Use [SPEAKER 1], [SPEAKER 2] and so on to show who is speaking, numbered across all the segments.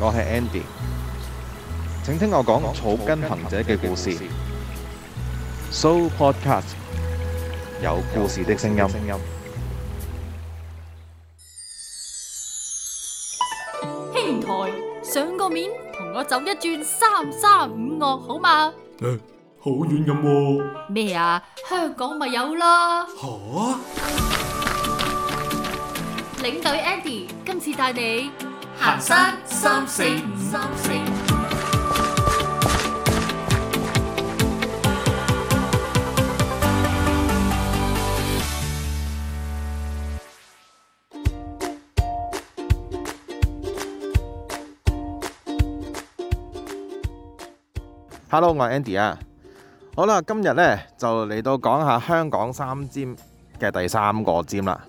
[SPEAKER 1] 我係 Andy，請聽我講草根行者嘅故事。So Podcast 有故事的聲音。兄台，上個面同我走一轉三三五樂好嘛？誒，好遠咁？咩啊？香港咪有啦？吓！領隊 Andy，今次帶你。Hello 我係 Andy 啊，好啦，今日咧就嚟到講下香港三尖嘅第三個尖啦，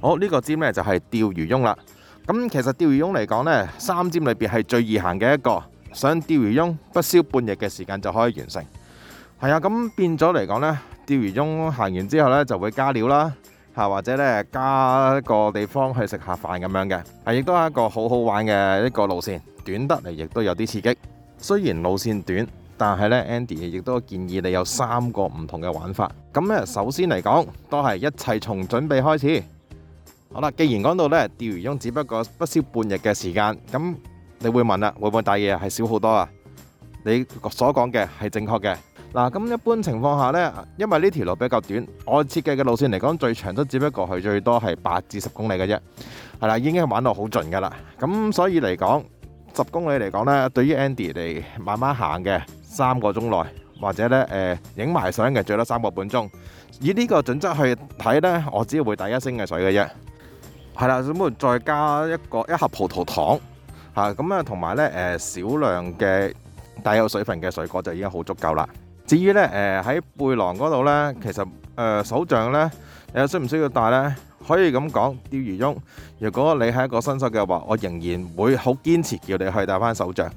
[SPEAKER 1] 好、這、呢個尖咧就係釣魚翁啦。咁其實釣魚翁嚟講呢三尖裏邊係最易行嘅一個，想釣魚翁不消半日嘅時間就可以完成。係啊，咁變咗嚟講呢釣魚翁行完之後呢，就會加料啦，嚇或者呢加個地方去食下飯咁樣嘅，係亦都係一個好好玩嘅一個路線，短得嚟亦都有啲刺激。雖然路線短，但係呢 Andy 亦都建議你有三個唔同嘅玩法。咁呢，首先嚟講，都係一切從準備開始。好啦，既然講到呢，釣魚翁，只不過不消半日嘅時間，咁你會問啦，會唔會帶嘢係少好多啊？你所講嘅係正確嘅。嗱，咁一般情況下呢，因為呢條路比較短，我設計嘅路線嚟講，最長都只不過係最多係八至十公里嘅啫。係啦，已經玩到好盡噶啦。咁所以嚟講，十公里嚟講呢，對於 Andy 嚟慢慢行嘅三個鐘內，或者呢，誒影埋相嘅最多三個半鐘，以呢個準則去睇呢，我只會帶一升嘅水嘅啫。係啦，咁啊，再加一個一盒葡萄糖吓，咁啊同埋咧，誒，少量嘅帶有水分嘅水果就已經好足夠啦。至於咧，誒喺背囊嗰度咧，其實誒、呃、手杖咧，誒，你需唔需要帶咧？可以咁講，釣魚翁，如果你係一個新手嘅話，我仍然會好堅持叫你去帶翻手杖。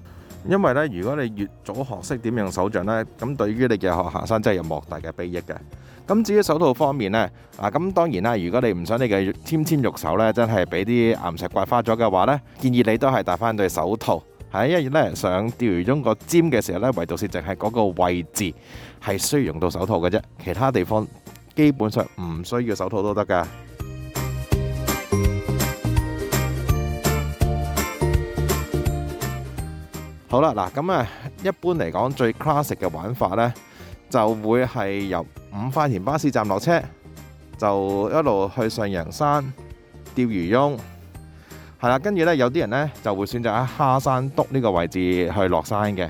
[SPEAKER 1] 因為咧，如果你越早學識點用手杖，呢咁對於你嘅學生真係有莫大嘅裨益嘅。咁至於手套方面呢啊，咁當然啦，如果你唔想你嘅纖纖玉手呢真係俾啲岩石刮花咗嘅話呢，建議你都係戴翻對手套。係因為呢，上釣魚中個尖嘅時候呢，唯獨是淨係嗰個位置係需要用到手套嘅啫，其他地方基本上唔需要手套都得噶。好啦，嗱咁啊，一般嚟講最 classic 嘅玩法呢，就會係由五塊田巴士站落車，就一路去上陽山釣魚翁，係啦，跟住呢，有啲人呢，就會選擇喺蝦山篤呢個位置去落山嘅，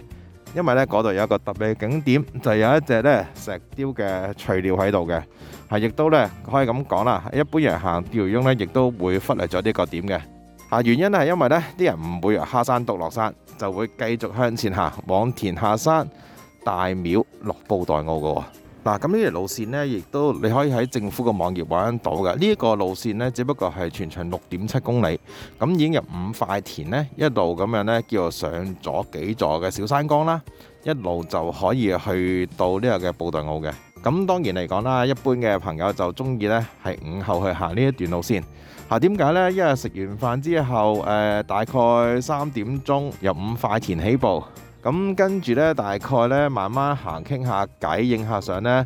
[SPEAKER 1] 因為呢嗰度有一個特別嘅景點，就有一隻呢石雕嘅翠鳥喺度嘅，係亦都呢，可以咁講啦，一般人行釣魚翁呢，亦都會忽略咗呢個點嘅。啊，原因咧係因為呢啲人唔會下山獨落山，就會繼續向前行，往田下山、大廟、落布袋澳噶。嗱，咁呢條路線呢，亦都你可以喺政府嘅網頁玩到嘅。呢、這、一個路線呢，只不過係全長六點七公里，咁已經有五塊田呢，一路咁樣呢，叫做上咗幾座嘅小山崗啦，一路就可以去到呢個嘅布袋澳嘅。咁當然嚟講啦，一般嘅朋友就中意呢係午後去行呢一段路線。嚇，點解呢？因為食完飯之後，誒、呃、大概三點鐘由五塊田起步，咁跟住呢，大概呢，慢慢行，傾下偈，影下相呢，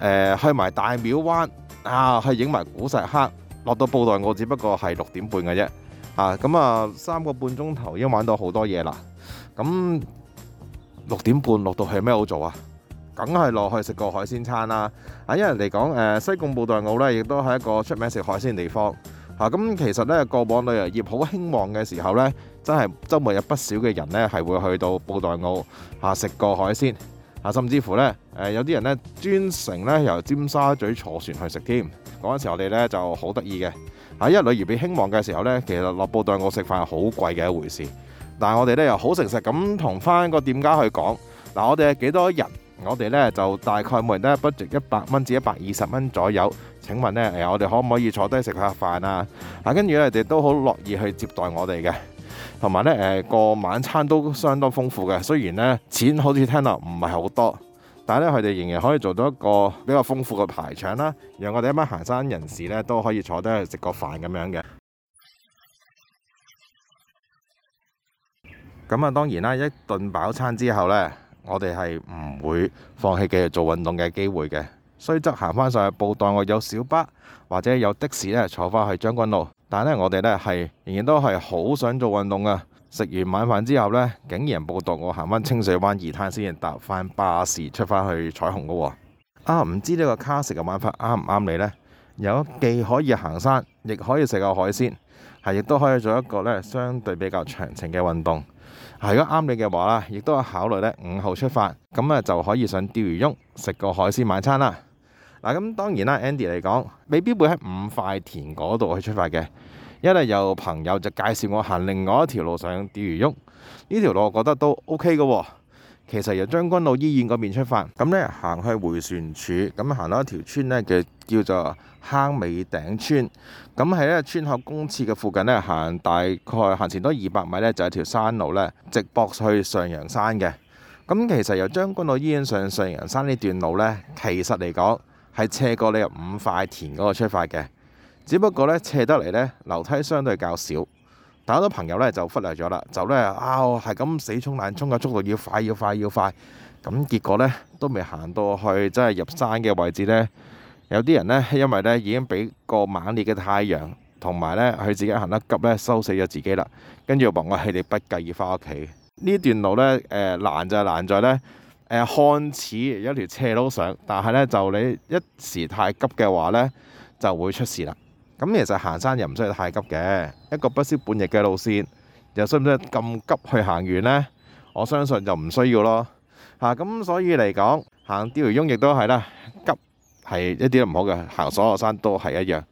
[SPEAKER 1] 誒去埋大廟灣啊，去影埋古石刻，落到布袋澳只不過係六點半嘅啫。嚇，咁啊三個半鐘頭已經玩到好多嘢啦。咁六點半落到去咩好做啊？梗係落去食個海鮮餐啦！啊，因為嚟講，誒西貢布袋澳呢亦都係一個出名食海鮮嘅地方嚇。咁其實呢，過往旅遊業好興旺嘅時候呢，真係周末有不少嘅人呢係會去到布袋澳嚇食個海鮮嚇，甚至乎呢，誒有啲人呢專程呢由尖沙咀坐船去食添。嗰陣時我哋呢就好得意嘅，因為旅遊業興旺嘅時候呢，其實落布袋澳食飯係好貴嘅一回事。但係我哋呢又好誠實咁同返個店家去講嗱，我哋係幾多人？我哋呢就大概每人呢 budget 一百蚊至一百二十蚊左右。請問呢，誒、呃，我哋可唔可以坐低食下飯啊？啊，跟住呢，佢哋都好樂意去接待我哋嘅，同埋呢，誒、呃、個晚餐都相當豐富嘅。雖然呢，錢好似聽落唔係好多，但係呢，佢哋仍然可以做到一個比較豐富嘅排場啦，讓我哋一班行山人士呢都可以坐低去食個飯咁樣嘅。咁啊，當然啦，一頓飽餐之後呢。我哋係唔會放棄繼續做運動嘅機會嘅，雖則行返上去報到，我有小巴或者有的士咧坐返去將軍澳，但咧我哋咧係仍然都係好想做運動嘅。食完晚飯之後咧，竟然報到我行返清水灣二灘先，搭返巴士出返去彩虹嘅喎。啊，唔知呢個卡食嘅晚飯啱唔啱你呢？有既可以行山，亦可以食個海鮮，係亦都可以做一個咧相對比較長程嘅運動。係如果啱你嘅話啦，亦都有考慮咧五號出發，咁啊就可以上釣魚翁食個海鮮晚餐啦。嗱，咁當然啦，Andy 嚟講未必會喺五塊田嗰度去出發嘅，因為有朋友就介紹我行另外一條路上釣魚翁，呢條路我覺得都 OK 嘅喎。其實由將軍澳醫院嗰邊出發，咁呢行去回旋處，咁行到一條村呢，就叫做坑尾頂村。咁喺呢村口公廁嘅附近呢，行大概行前多二百米呢，就係條山路呢，直駁去上陽山嘅。咁其實由將軍澳醫院上上陽山呢段路呢，其實嚟講係斜過你五塊田嗰個出發嘅，只不過呢斜得嚟呢，樓梯相對較少。有好多朋友咧就忽略咗啦，就咧啊，我係咁死沖爛沖嘅速度要快要快要快，咁結果咧都未行到去，真係入山嘅位置咧，有啲人咧因為咧已經俾個猛烈嘅太陽同埋咧佢自己行得急咧，收死咗自己啦，跟住話我氣力不繼要翻屋企。呢段路咧誒難就係難在咧誒、呃、看似一條斜路上，但係咧就你一時太急嘅話咧就會出事啦。咁其實行山又唔需要太急嘅，一個不消半日嘅路線，又需唔需要咁急去行完呢？我相信就唔需要咯。咁、啊、所以嚟講，行釣魚翁亦都係啦，急係一啲都唔好嘅。行所有山都係一樣。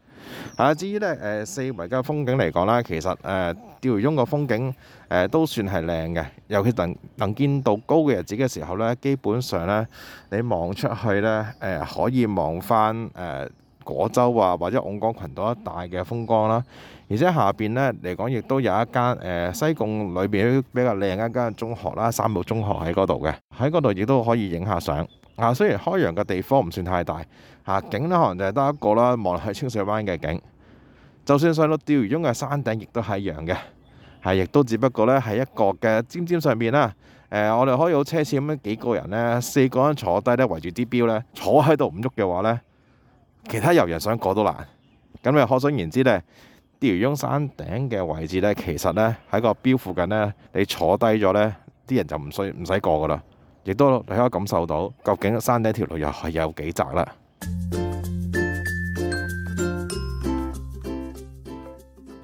[SPEAKER 1] 啊、至於呢、呃、四圍嘅風景嚟講呢，其實誒、呃、釣魚翁個風景、呃、都算係靚嘅，尤其能能見度高嘅日子嘅時候呢，基本上呢，你望出去呢，呃、可以望返。呃果洲啊，或者甕缸群島一帶嘅風光啦、啊，而且下邊呢嚟講亦都有一間誒、呃、西貢裏邊比較靚一間中學啦、啊，三木中學喺嗰度嘅，喺嗰度亦都可以影下相。啊，雖然開揚嘅地方唔算太大，嚇、啊、景呢可能就係得一個啦，望落去清水灣嘅景，就算上到釣魚翁嘅山頂，亦都係一樣嘅，係、啊、亦都只不過呢，係一個嘅尖尖上面啦。誒、呃，我哋可以好奢侈咁樣幾個人呢，四個人坐低呢，圍住啲標呢，坐喺度唔喐嘅話呢。其他遊人想過都難，咁你可想而知呢，釣魚翁山頂嘅位置呢，其實呢喺個標附近呢，你坐低咗呢啲人就唔需唔使過噶啦，亦都你可以感受到究竟山頂條路又係有幾窄啦。嗯、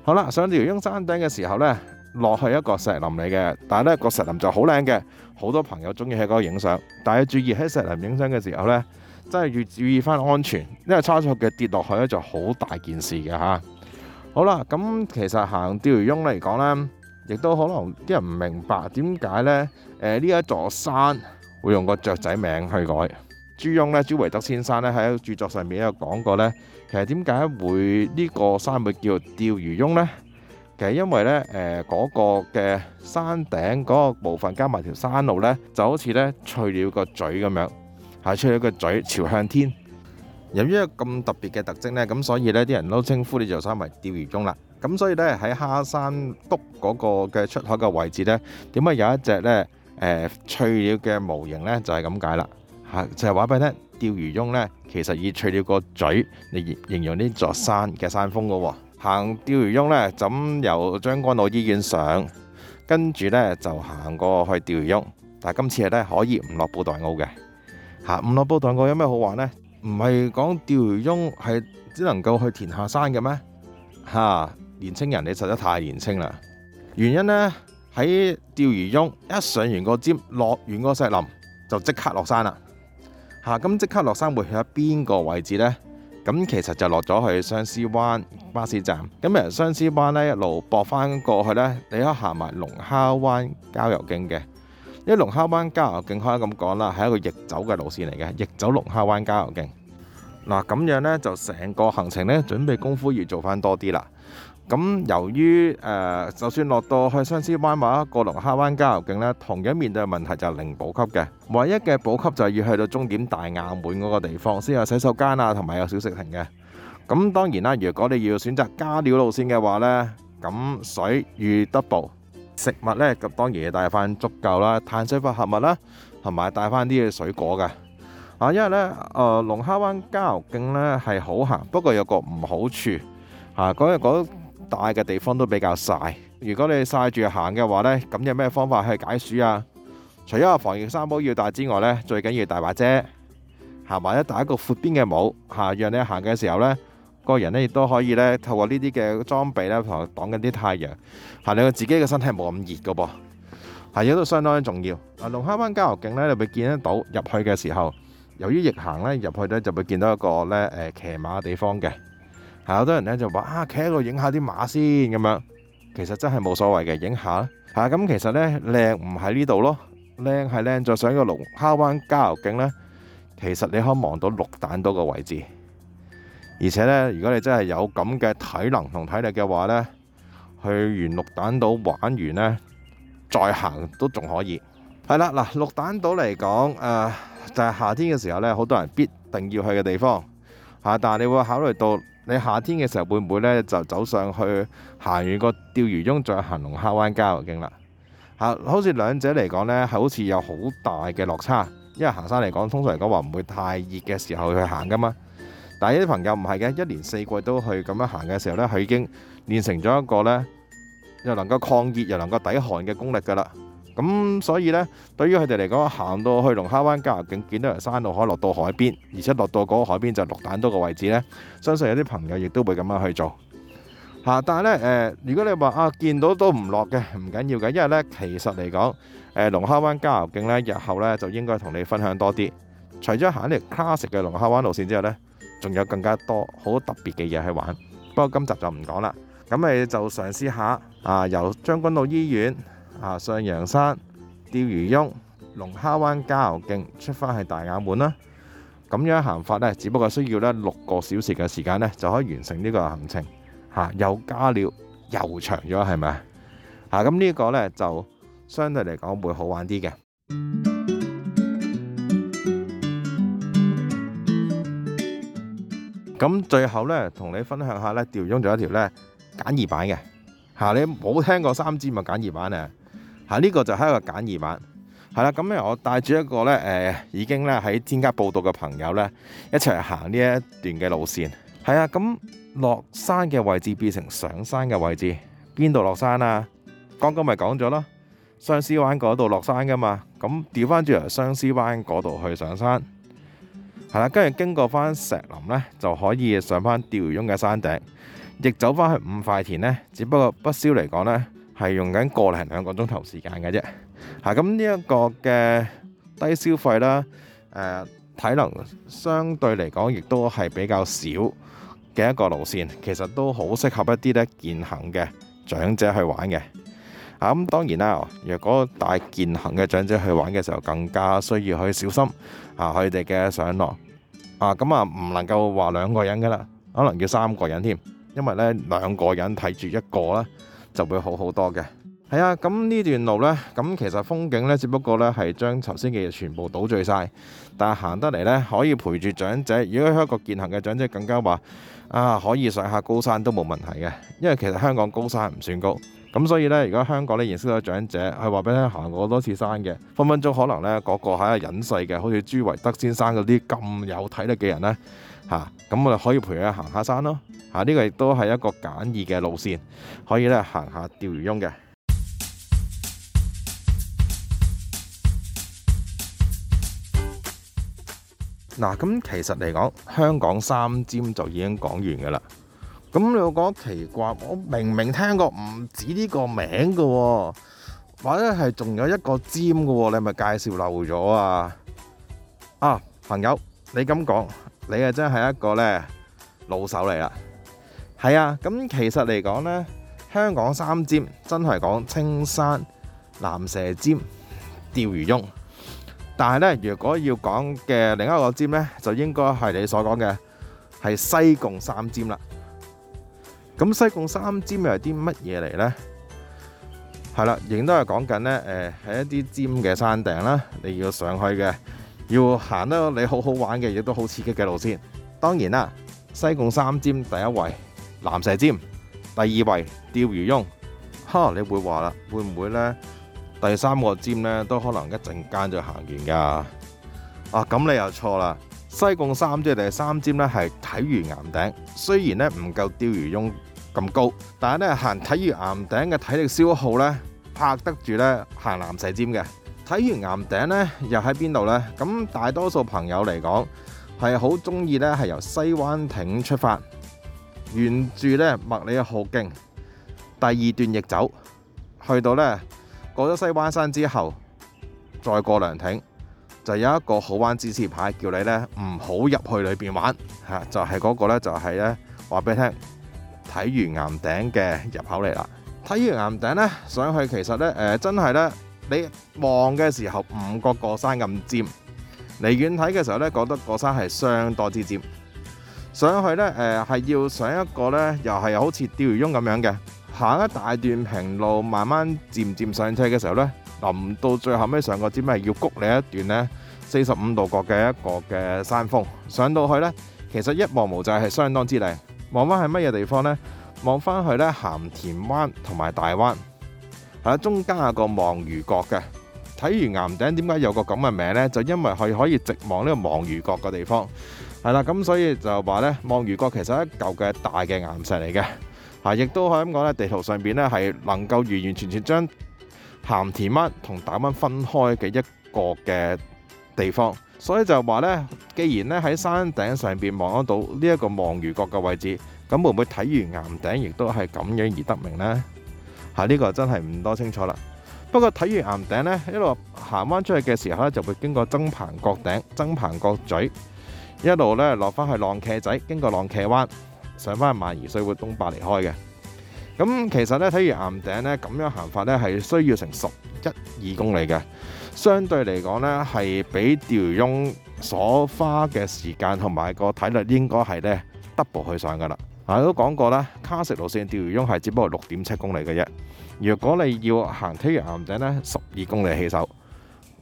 [SPEAKER 1] 好啦，上釣魚翁山頂嘅時候呢，落去一個石林嚟嘅，但係呢個石林就好靚嘅，好多朋友鍾意喺嗰度影相，但係要注意喺石林影相嘅時候呢。真係要注意翻安全，因為差錯嘅跌落去咧就好大件事嘅吓，好啦，咁其實行釣魚翁嚟講呢，亦都可能啲人唔明白點解呢。誒、呃、呢一座山會用個雀仔名去改朱翁呢，朱維德先生呢，喺著作上面有講過呢。其實點解會呢個山會叫做釣魚翁呢？其實因為呢，誒、呃、嗰、那個嘅山頂嗰個部分加埋條山路呢，就好似呢，翠鳥個嘴咁樣。係出咗個嘴朝向天，由於有咁特別嘅特徵呢，咁所以呢啲人都稱呼呢座山為釣魚翁啦。咁所以呢，喺蝦山峯嗰個嘅出海嘅位置呢，點解有一隻呢誒、呃、翠鳥嘅模型呢？就係咁解啦，嚇、啊、就係話俾你聽，釣魚翁呢其實以翠鳥個嘴嚟形容呢座山嘅山峰噶喎、哦。行釣魚翁呢，就咁由將軍澳醫院上，跟住呢就行過去釣魚翁。但係今次呢，可以唔落布袋澳嘅。嚇、啊，五樂堡探過有咩好玩呢？唔係講釣魚翁係只能夠去田下山嘅咩？吓、啊，年青人你實在太年青啦！原因呢，喺釣魚翁一上完個尖，落完個石林就即刻落山啦！吓、啊，咁即刻落山會去喺邊個位置呢？咁其實就落咗去相思灣巴士站。咁由相思灣呢，一路駁返過去呢，你可行埋龍蝦灣郊遊徑嘅。啲龍蝦灣郊遊徑可以咁講啦，係一個逆走嘅路線嚟嘅，逆走龍蝦灣郊遊徑。嗱，咁樣咧，就成個行程咧，準備功夫要做翻多啲啦。咁由於誒，就算落到去相思灣或者過龍蝦灣郊遊徑咧，同樣面對嘅問題就係零補給嘅，唯一嘅補給就係要去到終點大坳門嗰個地方先有洗手間啊，同埋有小食亭嘅。咁當然啦，如果你要選擇加料路線嘅話咧，咁水與 double。食物呢，咁當然要帶返足夠啦，碳水化合物啦，同埋帶返啲嘅水果嘅。啊，因為呢，誒龍蝦灣郊遊徑呢係好行，不過有個唔好處，嚇嗰日嗰大嘅地方都比較曬。如果你曬住行嘅話呢，咁有咩方法去解暑啊？除咗防熱衫帽要戴之外呢，最緊要帶把遮，行埋一戴一個闊邊嘅帽，嚇、啊，讓你行嘅時候呢。個人咧亦都可以咧透過呢啲嘅裝備咧，同埋擋緊啲太陽，係你自己嘅身體冇咁熱嘅噃，係亦都相當重要。啊，龍蝦灣郊遊徑咧你會見得到，入去嘅時候，由於逆行咧入去咧就會見到一個咧誒、呃、騎馬嘅地方嘅，係好多人咧就話啊，企喺度影下啲馬先咁樣，其實真係冇所謂嘅，影下嚇咁、啊。其實咧靚唔喺呢度咯，靚係靚再上一個龍蝦灣郊遊徑咧，其實你可以望到綠蛋島嘅位置。而且呢，如果你真係有咁嘅體能同體力嘅話呢，去完綠蛋島玩完呢，再行都仲可以。係啦，嗱，綠蛋島嚟講，誒、呃、就係、是、夏天嘅時候呢好多人必定要去嘅地方嚇。但係你會考慮到，你夏天嘅時候會唔會呢？就走上去行完個釣魚翁，再行龍蝦灣郊遊徑啦嚇？好似兩者嚟講呢係好似有好大嘅落差，因為行山嚟講，通常嚟講話唔會太熱嘅時候去行㗎嘛。但係有啲朋友唔係嘅，一年四季都去咁樣行嘅時候咧，佢已經練成咗一個咧，又能夠抗熱又能夠抵寒嘅功力㗎啦。咁所以咧，對於佢哋嚟講，行到去龍蝦灣郊遊徑見到條山路可以落到海邊，而且落到嗰個海邊就落蛋多個位置咧，相信有啲朋友亦都會咁樣去做嚇。但係咧，誒，如果你話啊見到都唔落嘅，唔緊要嘅，因為咧其實嚟講，誒龍蝦灣郊遊徑咧日後咧就應該同你分享多啲，除咗行呢個 classic 嘅龍蝦灣路線之後咧。仲有更加多好特別嘅嘢去玩，不過今集就唔講啦。咁你就嘗試下啊，由將軍澳醫院啊，上陽山釣魚翁龍蝦灣加油徑出返去大坳門啦。咁、啊、樣行法呢，只不過需要呢六個小時嘅時間呢，就可以完成呢個行程。嚇、啊，又加料又長咗，係咪啊？咁呢個呢，就相對嚟講會好玩啲嘅。咁最後呢，同你分享一下呢，釣魚中仲有一條呢簡易版嘅嚇，你冇聽過三支咪簡易版啊嚇，呢、這個就喺一個簡易版，係啦。咁我帶住一個呢，誒、呃，已經呢，喺專家報道嘅朋友呢，一齊行呢一段嘅路線。係啊，咁落山嘅位置變成上山嘅位置，邊度落山啊？剛剛咪講咗咯，相思灣嗰度落山㗎嘛，咁調翻轉由相思灣嗰度去上山。係啦，跟住經過翻石林呢，就可以上翻釣魚翁嘅山頂，亦走返去五塊田呢，只不過不消嚟講呢，係用緊個零兩個鐘頭時間嘅啫。嚇，咁呢一個嘅低消費啦，誒體能相對嚟講亦都係比較少嘅一個路線，其實都好適合一啲呢健行嘅長者去玩嘅。咁當然啦，若果帶健行嘅長者去玩嘅時候，更加需要去小心他們的上啊，佢哋嘅上落啊，咁啊唔能夠話兩個人噶啦，可能要三個人添，因為呢兩個人睇住一個啦，就會好好多嘅。係啊，咁呢段路呢，咁其實風景呢，只不過呢係將頭先嘅嘢全部倒敍晒。但係行得嚟呢，可以陪住長者。如果一個健行嘅長者更加話啊，可以上下高山都冇問題嘅，因為其實香港高山唔算高。咁所以呢，而家香港咧認識咗長者，係話俾你行過好多次山嘅，分分鐘可能呢，嗰個係一個隱世嘅，好似朱維德先生嗰啲咁有體力嘅人呢。嚇、嗯，咁、啊、我哋可以陪佢行下山咯嚇。呢、啊呢個亦都係一個簡易嘅路線，可以咧行下釣魚翁嘅。嗱、嗯，咁其實嚟講，香港三尖就已經講完㗎啦。咁你又講奇怪，我明明聽過唔止呢個名嘅喎，或者係仲有一個尖嘅喎，你係咪介紹漏咗啊？啊，朋友，你咁講，你係真係一個呢老手嚟啦。係啊，咁其實嚟講呢，香港三尖真係講青山、蚺蛇尖、釣魚翁，但係呢，如果要講嘅另一個尖呢，就應該係你所講嘅係西貢三尖啦。咁西貢三尖又係啲乜嘢嚟呢？係啦，亦都係講緊呢。誒、呃，係一啲尖嘅山頂啦，你要上去嘅，要行得你好好玩嘅，亦都好刺激嘅路綫。當然啦，西貢三尖第一位蚺蛇尖，第二位釣魚翁。哈，你會話啦，會唔會呢？第三個尖呢，都可能一陣間就行完噶。啊，咁你又錯啦。西貢三即第三尖咧，係睇魚岩頂，雖然咧唔夠釣魚翁咁高，但係咧行睇魚岩頂嘅體力消耗咧，拍得住咧行蚺蛇尖嘅。睇魚岩頂咧又喺邊度咧？咁大多數朋友嚟講係好中意咧，係由西灣亭出發，沿住咧麥理浩徑第二段逆走，去到咧過咗西灣山之後，再過涼亭。就有一個好玩指示牌，叫你呢唔好入去裏面玩吓，就係、是、嗰個咧、就是，就係呢。話俾你聽，睇完岩頂嘅入口嚟啦。睇完岩頂呢，上去其實呢，誒、呃、真係呢。你望嘅時候唔覺個山咁尖，離遠睇嘅時候呢，覺得個山係相當之尖。上去呢，誒、呃、係要上一個呢，又係好似釣魚翁咁樣嘅，行一大段平路，慢慢漸漸上車嘅時候呢。嗱，到最後尾，上個尖咧，要谷你一段呢四十五度角嘅一個嘅山峰。上到去呢，其實一望無際係相當之靚。望翻係乜嘢地方呢？望翻去呢鹹田灣同埋大灣，係啦，中間有個望魚角嘅。睇完岩頂點解有個咁嘅名呢？就因為佢可以直望呢個望魚角嘅地方，係啦，咁所以就話呢，望魚角其實一嚿嘅大嘅岩石嚟嘅，啊，亦都可以咁講呢地圖上面呢係能夠完完全全將。鹹田灣同大灣分開嘅一個嘅地方，所以就話呢，既然呢喺山頂上邊望得到呢一個望魚角嘅位置，咁會唔會睇完岩頂亦都係咁樣而得名呢？嚇、啊，呢、呢個真係唔多清楚啦。不過睇完岩頂呢，一路行返出去嘅時候呢，就會經過罾棚角頂、罾棚角咀，一路呢落返去浪茄仔，經過浪茄灣，上返去萬宜水庫東壩離開嘅。咁其實咧，睇魚岩頂咧咁樣行法咧，係需要成十一二公里嘅，相對嚟講咧，係比釣魚翁所花嘅時間同埋個體力應該係咧 double 去上噶啦。嗱、啊，我都講過啦，卡石路線釣魚翁係只不過六點七公里嘅啫。如果你要行睇魚岩頂咧，十二公里起手。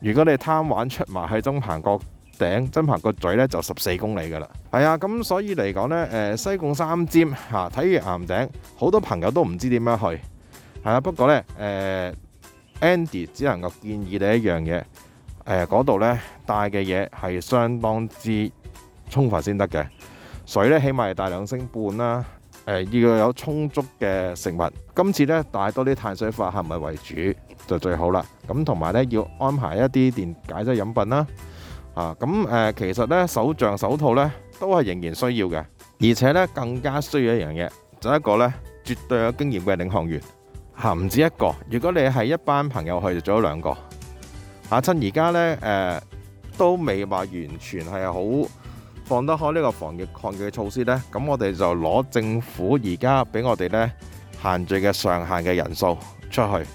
[SPEAKER 1] 如果你貪玩出埋去中行過。頂真爬個嘴咧就十四公里噶啦，係啊，咁所以嚟講呢，西貢三尖睇完岩頂，好多朋友都唔知點樣去係啦。不過呢誒、呃、Andy 只能夠建議你一樣嘢，嗰度呢，帶嘅嘢係相當之充分先得嘅。水呢，起碼係帶兩升半啦、呃，要有充足嘅食物。今次呢，帶多啲碳水化合物為主就最好啦。咁同埋呢，要安排一啲電解質飲品啦。啊，咁誒，其實咧，手杖、手套咧，都係仍然需要嘅。而且咧，更加需要一樣嘢，就一個咧，絕對有經驗嘅領航員嚇，唔止一個。如果你係一班朋友去，就做咗兩個嚇。親而家咧，誒都未話完全係好放得開呢個防疫抗疫嘅措施咧。咁我哋就攞政府而家俾我哋咧限聚嘅上限嘅人數出去，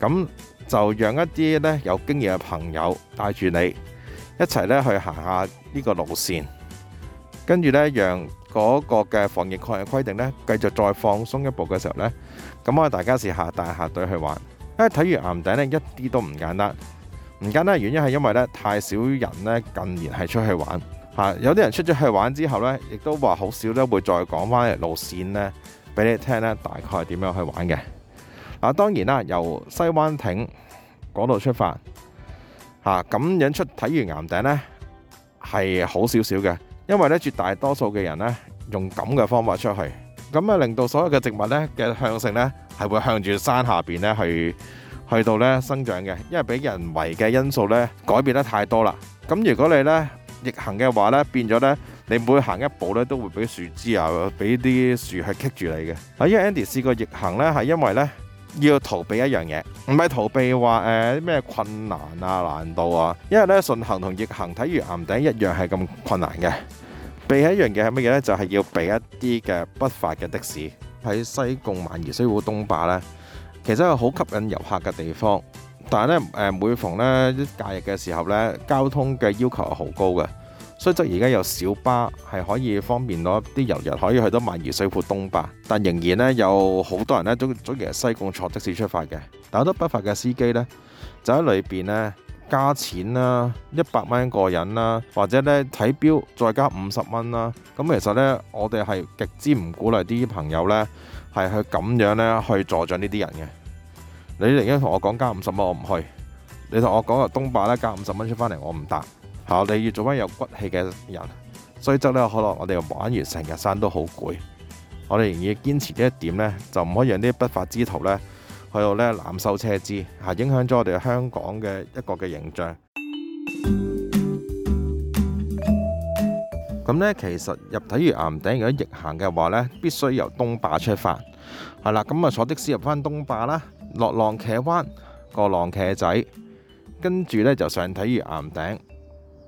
[SPEAKER 1] 咁就讓一啲咧有經驗嘅朋友帶住你。一齊咧去行下呢個路線，跟住呢，讓嗰個嘅防疫抗疫規定呢繼續再放鬆一步嘅時候呢。咁我哋大家試下帶客隊去玩。因為睇完岩頂呢，一啲都唔簡單，唔簡單原因係因為呢，太少人呢近年係出去玩吓，有啲人出咗去玩之後呢，亦都話好少咧會再講返路線呢，俾你聽呢大概點樣去玩嘅。嗱，當然啦，由西灣艇嗰度出發。嚇咁引出睇完岩頂呢係好少少嘅，因為呢絕大多數嘅人呢用咁嘅方法出去，咁啊令到所有嘅植物呢嘅向性呢係會向住山下邊呢去去到呢生長嘅，因為俾人為嘅因素呢改變得太多啦。咁如果你呢逆行嘅話呢，變咗呢你每行一步呢都會俾樹枝啊，俾啲樹係棘住你嘅。啊，因為 Andy 試過逆行呢，係因為呢。要逃避一樣嘢，唔係逃避話誒咩困難啊難度啊，因為咧順行同逆行睇完岩頂一樣係咁困難嘅。避係一樣嘢係乜嘢呢？就係、是、要避一啲嘅不法嘅的，的士喺西貢萬宜水庫東壩呢，其實係好吸引遊客嘅地方，但係咧誒每逢呢假日嘅時候呢，交通嘅要求係好高嘅。雖則而家有小巴係可以方便到一啲遊人可以去到萬宜水庫東壩，但仍然咧有好多人呢，都都由西貢坐的士出發嘅，但好多不法嘅司機呢，就喺裏邊呢，加錢啦、啊，一百蚊個人啦、啊，或者呢睇表再加五十蚊啦。咁其實呢，我哋係極之唔鼓勵啲朋友呢，係去咁樣呢去助長呢啲人嘅。你嚟緊同我講加五十蚊我唔去，你同我講由東壩呢，加五十蚊出返嚟我唔搭。啊！你要做翻有骨氣嘅人，所以則呢，可能我哋玩完成日山都好攰，我哋仍然堅持呢一點呢，就唔可以讓啲不法之徒呢去到呢濫收車資吓，影響咗我哋香港嘅一個嘅形象。咁呢，其實入睇魚岩頂如果逆行嘅話呢必須由東壩出發係啦。咁啊，就坐的士入翻東壩啦，落浪茄灣過浪茄仔，跟住呢就上睇魚岩頂。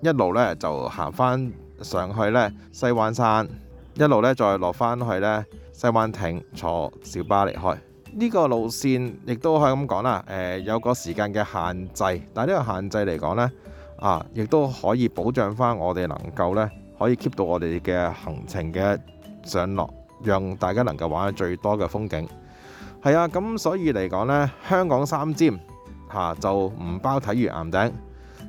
[SPEAKER 1] 一路咧就行翻上去咧西灣山，一路咧再落翻去咧西灣亭，坐小巴離開。呢個路線亦都可以咁講啦，誒、呃、有個時間嘅限制，但係呢個限制嚟講呢，啊亦都可以保障翻我哋能夠呢，可以 keep 到我哋嘅行程嘅上落，讓大家能夠玩到最多嘅風景。係啊，咁所以嚟講呢，香港三尖嚇、啊、就唔包睇魚岩頂。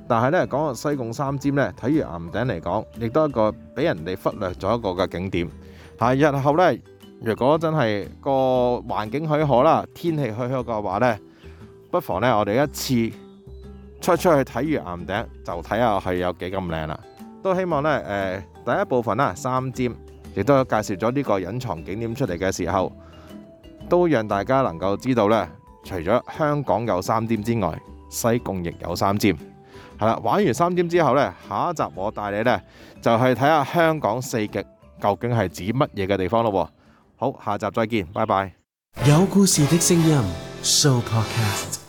[SPEAKER 1] 但係咧，講到西貢三尖咧，睇完岩頂嚟講，亦都係一個俾人哋忽略咗一個嘅景點。係日後咧，如果真係個環境許可啦，天氣許可嘅話咧，不妨咧，我哋一次出出去睇完岩頂，就睇下係有幾咁靚啦。都希望咧、呃，第一部分啦，三尖亦都介紹咗呢個隱藏景點出嚟嘅時候，都讓大家能夠知道咧，除咗香港有三尖之外，西貢亦有三尖。係啦，玩完三尖之後咧，下一集我帶你咧就係睇下香港四極究竟係指乜嘢嘅地方咯。好，下集再見，拜拜。有故事的聲音 Show Podcast。